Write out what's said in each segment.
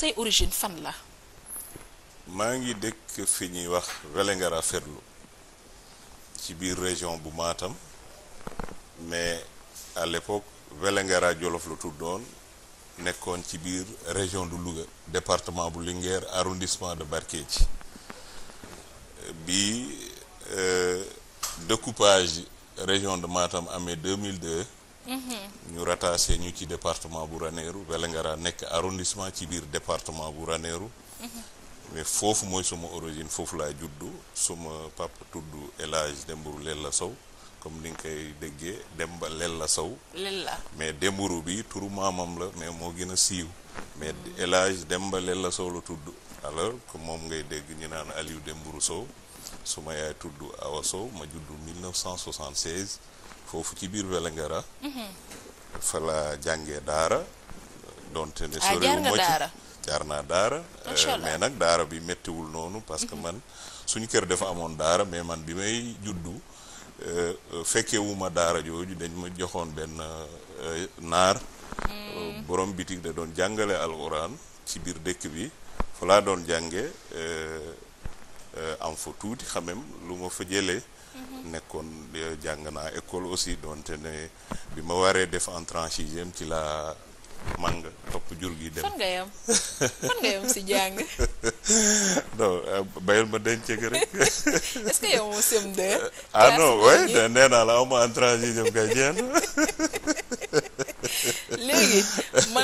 say origine fan la maa ngi dëkk fi ñuy wax Vélingara Ferlo ci biir région bu maatam mais à l'époque Vélingara Jolof la tuddoon nekkoon ci biir région du Louga département bu Linguère arrondissement de ci bii euh, découpage région de Matam amee 2002 ñu rattaché ñu ci département bu Ranérou Vélingara nekk arrondissement ci biir département bu Ranérou mhm. mais foofu mooy suma origine foofu laa juddu suma papa tudd El Hadj Dembourou Lella Sow comme ni nga koy déggee Demba Lella Sow Lella mais Dembourou bi turu maamam la mais moo gën a siiw mais El Hadj Demba Lella Sow la tudd alors que moom ngay dégg ñu naan Aliou Dembourou Sow suma yaay tudd Awa Sow ma juddu 1976 foofu ci biir Vélingara mhm. fa jànge jàngee daara donte ne ah, soriwul ci jaar naa daara euh, mais nag daara bi méttiwul noonu parce que mhm. man suñu kër dafa amoon daara mais man bi may juddu euh, euh, fekkewuma daara jooju dañ ma joxoon benn naar mhm. borom bitig da doon jàngale alxuraan ci biir dëkk bi fa laa doon jànge am fa tuuti xamem lu ma fa jëlee nekkoon jàng naa école aussi doonte ne bi ma waree def en ci la màng topp jur gi dem fan nga yam fan nga yam si jàng non euh, bayal ma denceg rek est-ce que yow euh, ah CM2 way nee naa la awma en tranche kay jeen eh. mm.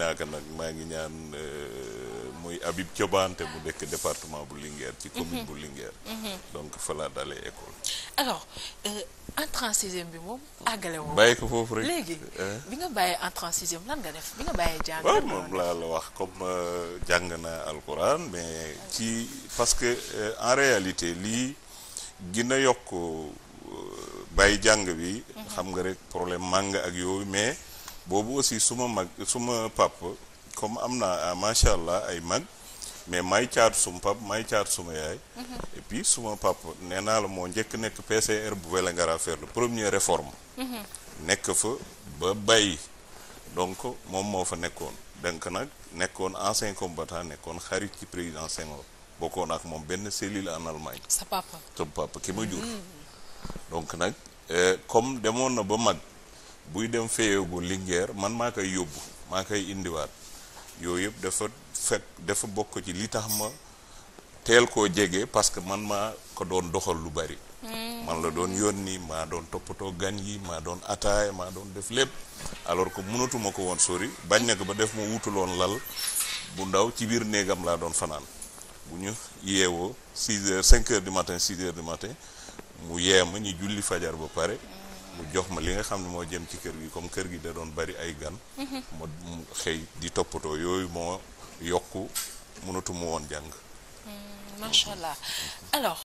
naa ko nag maa ngi ñaan euh, muy Habib Thiobaante bu nekk département bu Linguère ci commune bu Linguère mm-hmm. Mm-hmm. donc fa laa dalee école alors euh, entrée en sixième bi moom àggale woon bàyyi ko foofu rek léegi bi nga bàyyee entrée en nga def bi nga euh, que euh, en réalité lii gën a yokk bàyyi jàng bi mm-hmm. xam nga rek problème màng ak yooyu mais boobu aussi suma mag suma papa comme am naa ah, macha allah ay mag mais may caatu suma pap maay caatu suma yaay. Mm-hmm. et suma pap nee naa la moo njëkk nekk PCR bu Vélingara faire la première réforme. Mm-hmm. nekk fa ba bàyyi donc moom moo fa nekkoon donc nag nekkoon en ancien combattant nekkoon xarit ci président Senghor bokkoon ak moom benn cellule en Allemagne. sa papa sa papa ki ma jur. Mm-hmm. donc nag eh, comme demoon na ba mag buy dem feyeegu Linguère man maa koy yóbbu maa koy indiwaat. yooyu yëpp dafa fekk dafa bokk ci li tax ma teel koo jege parce que man maa ko doon doxal lu bari. Hmm. man la doon yónni maa doon toppatoo gan yi maa doon ataaya maa doon def lépp alors ko mënatuma ko woon sori bañ na ko ba def ma loon lal bu ndaw ci biir néegam laa doon fanaan bu ñu yeewoo 6 heures 5 heures du matin 6 heures du matin mu yee ma ñu julli fajar ba pare. jox ma li nga xam ne moo jëm ci kër gi comme kër gi da doon bari ay gan ma mhm. mu xëy di toppatoo yooyu moo yokk mënatu woon jàng hmm, macha allah